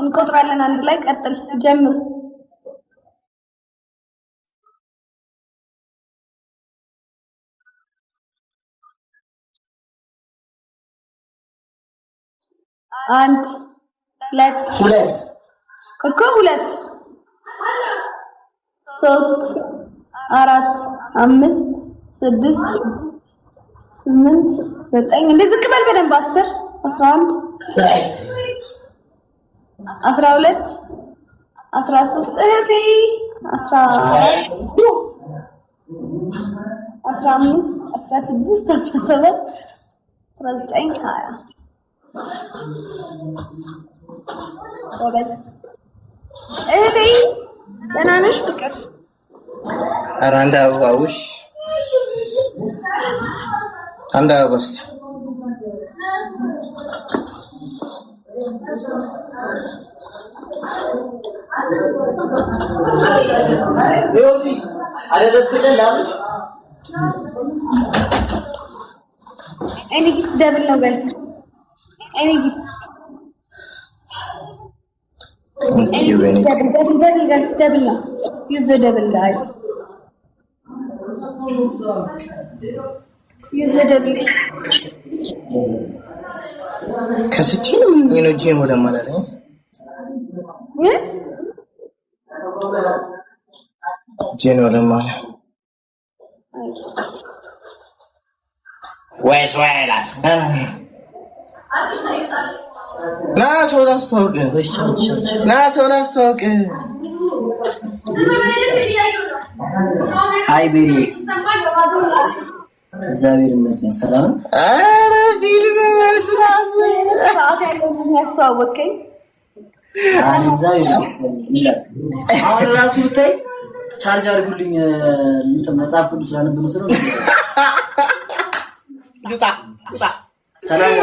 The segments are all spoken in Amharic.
እንቆጥራለን አንድ ላይ ቀጥል፣ ጀምር። አንድ ሁለት ሁለት እኮ ሁለት ሶስት አራት አምስት ስድስት ስምንት ዘጠኝ እንደዚህ ቅበል በደንብ አስር አስራ አንድ አስራ ሁለት አስራ ሦስት እህቴ አስራ አራት አስራ አምስት አስራ ስድስት አስራ ሰባት አስራ ዘጠኝ ሀያ ጎበዝ እህቴ ደህና ነሽ ፍቅር ኧረ አበባ ውይ አንድ አበባ እስኪ Any gift, devil novels. Any gift. Thank Any you, Vinny. Devil, devil, devil, guys, devil Use the devil, guys. Use the devil. ከስቼንም ምን እጄ ወደ ማለት ነው እጄን ወደ ማለት ወይ እላት ና ሰው ላስተዋውቅ፣ ና ሰው ላስተዋውቅ። አይ ቤሪ እግዚአብሔር ይመስገን ሰላም። ኧረ ፊልም መስራት ሰዓት ያለው ያስተዋወቀኝ አሁን ራሱ ብታይ ቻርጅ አድርጉልኝ መጽሐፍ ቅዱስ ስላነበሩ ስለ ሰላም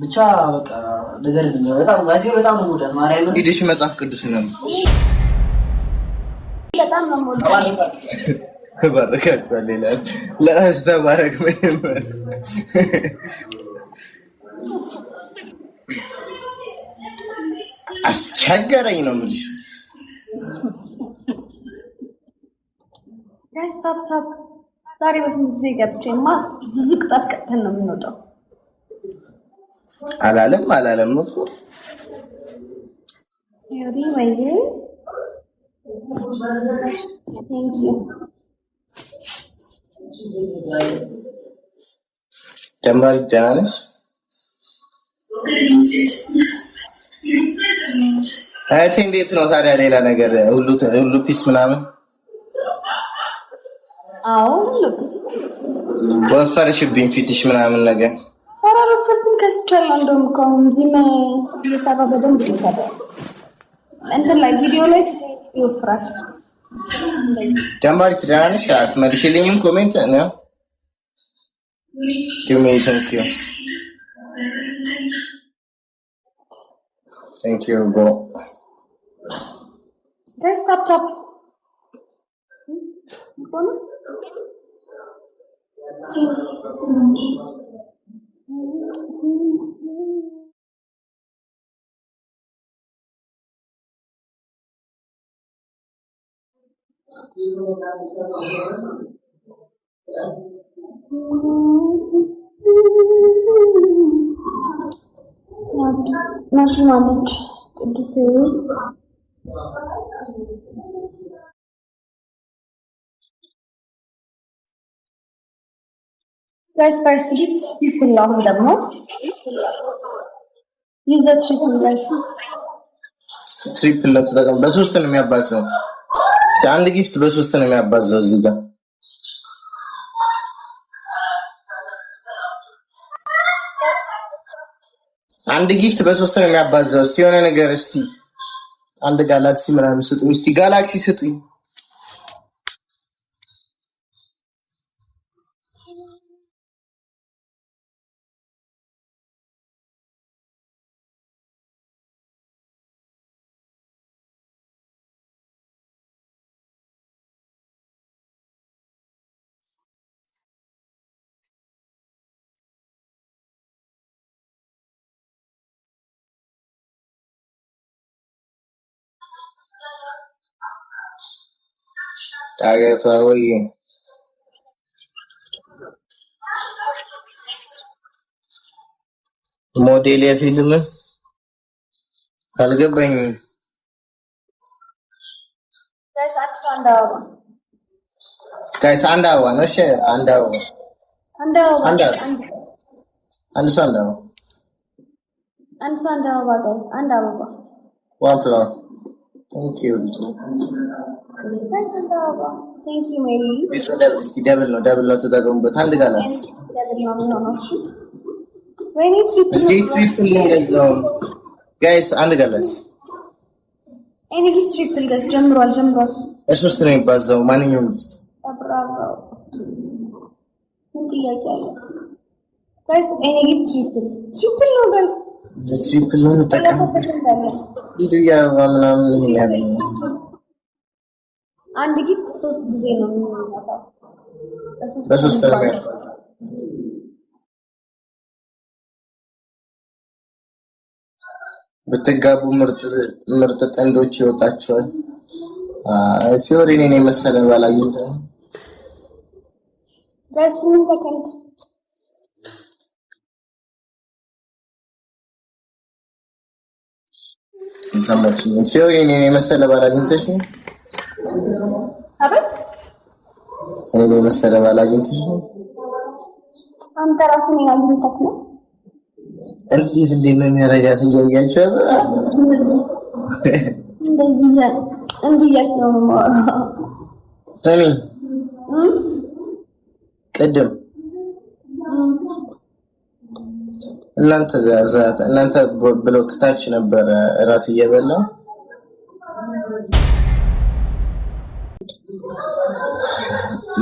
ብቻ በቃ ነገር በጣም በጣም ነው የምወዳት። ማርያምን ሄደሽ መጽሐፍ ቅዱስ ነው በጣም ነው ሌላ ለራስ ተባረክ። አስቸገረኝ ነው የምልሽ። ጋይስ ታፕ ታፕ ዛሬ በስምንት ጊዜ ገብቼ ማስ ብዙ ቅጣት ቀጥተን ነው የምንወጣው አላለም አላለም እኮ ደምራል። ደህና ነሽ? እህቴ እንዴት ነው ታዲያ? ሌላ ነገር ሁሉ ፒስ ምናምን ወፈርሽብኝ ፊትሽ ምናምን ነገር London mzima nimesava bado mtikata እንትን ላይ ቪዲዮ ላይ ይወፍራል። ደማርክ ደህና ነሽ? አትመልሽልኝም ኮሜንት ነው ጊሜ ታንክ ዩ ታንክ ዩ ጎ ጋይስ ታፕ ታፕ Thank you. You know about the see you. Vice versa, people love them, no? Use triple ትሪፕል ተጠቀም። በሶስት ነው የሚያባዛው። እስቲ አንድ ጊፍት በሶስት ነው የሚያባዛው እዚህ ጋር አንድ ጊፍት በሶስት ነው የሚያባዛው። እስቲ የሆነ ነገር እስቲ አንድ ጋላክሲ ምናምን ስጡኝ። እስቲ ጋላክሲ ስጡኝ። I guess I leave. ሞዴል የፊልም አልገባኝም። ጋይስ አንድ አበባ ነው። እሺ አንድ አበባ አንድ አበባ አንድ አበባ አንድ ሰው አንድ አበባ አንድ ሰው አንድ አበባ ጋይስ አንድ አበባ ዋን ፍላወር Thank you. Thank you, Mary. Devil, devil, not the room, but I'll tell you. When it's repeating, it's repeating as um, guys, and the Any gift guys, jump roll, jump roll. That's what's the name, Buzz, the money you need. Guys, any gift repeating. Triple, guys. ዲሲፕል ነው ተቀምጥ እያረባ ምናምን ይላል። አንድ ጊፍት ሶስት ጊዜ ነው የሚመጣው በሶስት ነገር ብትጋቡ ምርጥ ጥንዶች ይወጣችኋል። ፊዮሪኔን የመሰለ ባል የሰማች ፊዮሪን የመሰለ ባል አግኝተሽ ነው? አቤት እኔን የመሰለ ባል አግኝተሽ ነው? አንተ ራሱ ምን አግኝተህ ነው? እንዴት እንዴት ነው የሚያረጋት? እያያቸው እንዲያት ነው። ስሚ ቅድም እናንተ ጋዛ እናንተ ብሎክ ታች ነበረ እራት እየበላ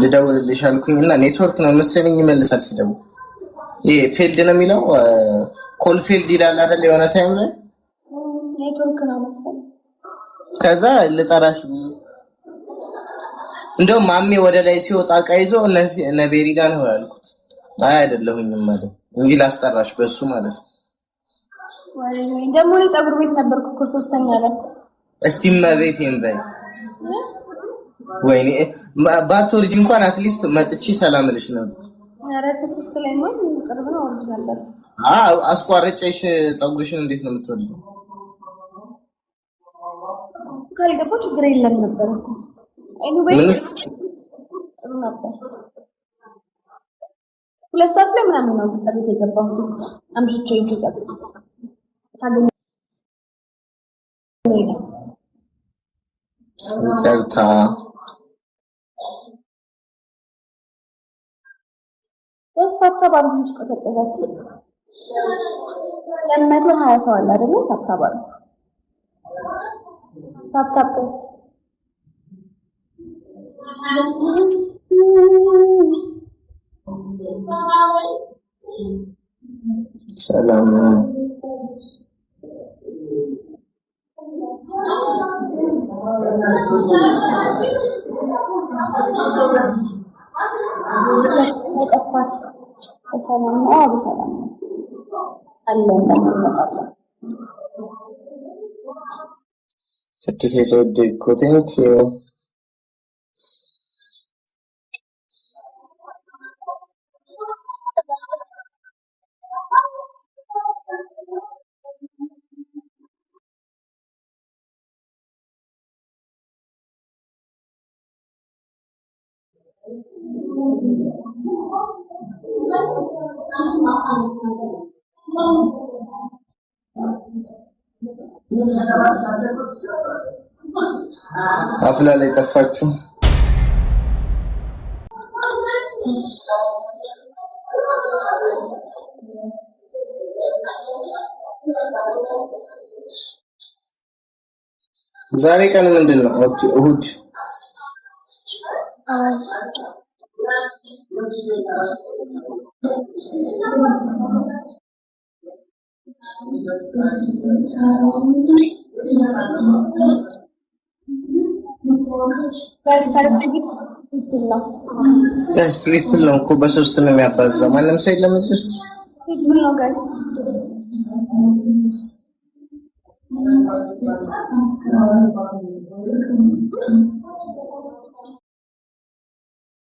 ልደውልልሽ አልኩኝ እና ኔትወርክ ነው መሰለኝ ይመልሳል። ስደውል ይሄ ፌልድ ነው የሚለው ኮል ፌልድ ይላል አይደል? የሆነ ታይም ላይ ኔትወርክ ነው መሰለኝ። ከዛ ልጠራሽ እንደውም ማሜ ወደ ላይ ሲወጣ ቀይዞ ይዞ ነቤሪ ጋር ነው ያልኩት። አይ አይደለሁኝም ማለት እንጂ ላስጠራሽ በሱ ማለት ነው። ወይኔ ደግሞ እኔ ፀጉር ቤት ነበርኩ እኮ ሶስተኛ ላይ። እስቲ ወይኔ ባትወርጂ እንኳን አትሊስት መጥቼ ሰላም ልሽ ነበር። ኧረ ከሶስት ላይ ማለት ቅርብ ነው ወርጅ ነበር። አዎ አስቋረጨሽ ፀጉርሽን እንዴት ነው የምትወርጂው? ካልገባሁ ችግር የለም ነበር እኮ ኤኒዌይ ጥሩ ነበር። ሁለት ሰዓት ላይ ምናምን ነው ቤት የገባሁት። አምሽቼ ሄጄ ጸጥ ቤት ታገኘ ይቅርታ ደስታ አካባቢ ውስጥ ቀዘቀዛችሁ። ለመቶ ሀያ ሰው አለ አይደለ? ታብታባሉ ታብታብስ سلام سلام سلام سلام سلام سلام A fila laita fa co. Zan riga na lalle Guys, read lang ko ba susto na may abazo? Malam sa ilang susto? Read mo lang, guys.